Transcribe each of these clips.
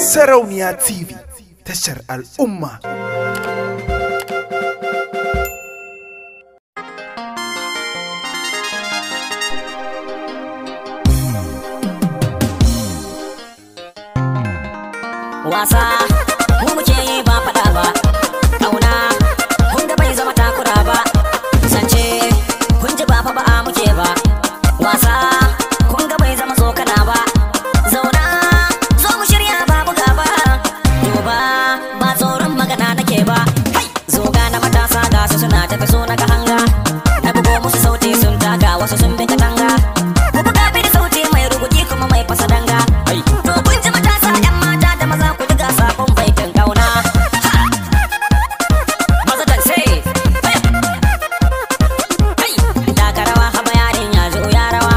Sarauniya TV tashar al'umma. Wasa, mu muke yi ba faɗa ba. tafi so na kahanga na bugo musu sauti sun taka wasu sun bi katanga ku buga bi da sauti mai ruguji kuma mai fasadanga to kun ji matasa yan mata da maza ku diga sabon baitin kauna maza dan sai taka rawa haba yarin ya zo ya rawa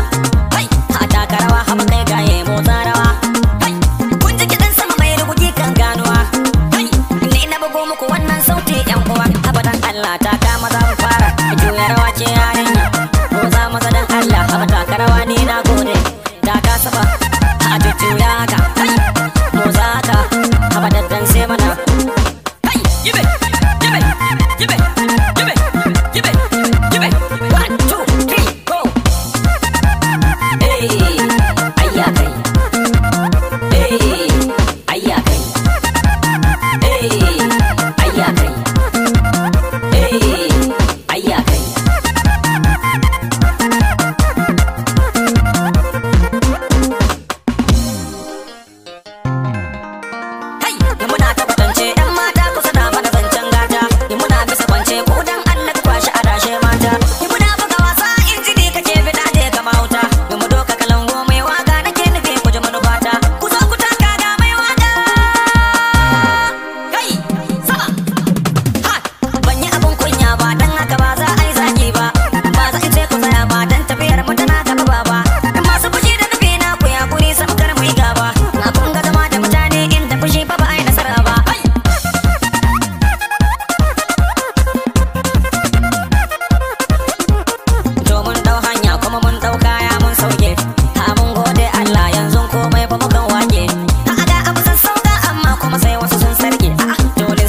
a taka karawa haba kai gaye motsa rawa kun ji kiɗan sama mai ruguji kan ganuwa ni na bugo muku wannan sauti yan uwa abadan Allah ta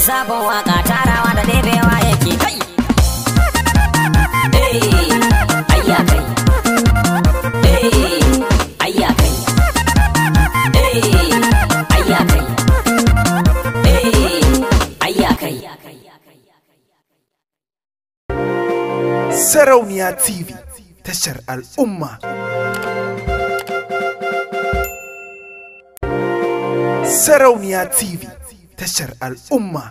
sabon waka tarawa da ɗebewa yake kai al'umma Sarauniya TV tashar al'umma.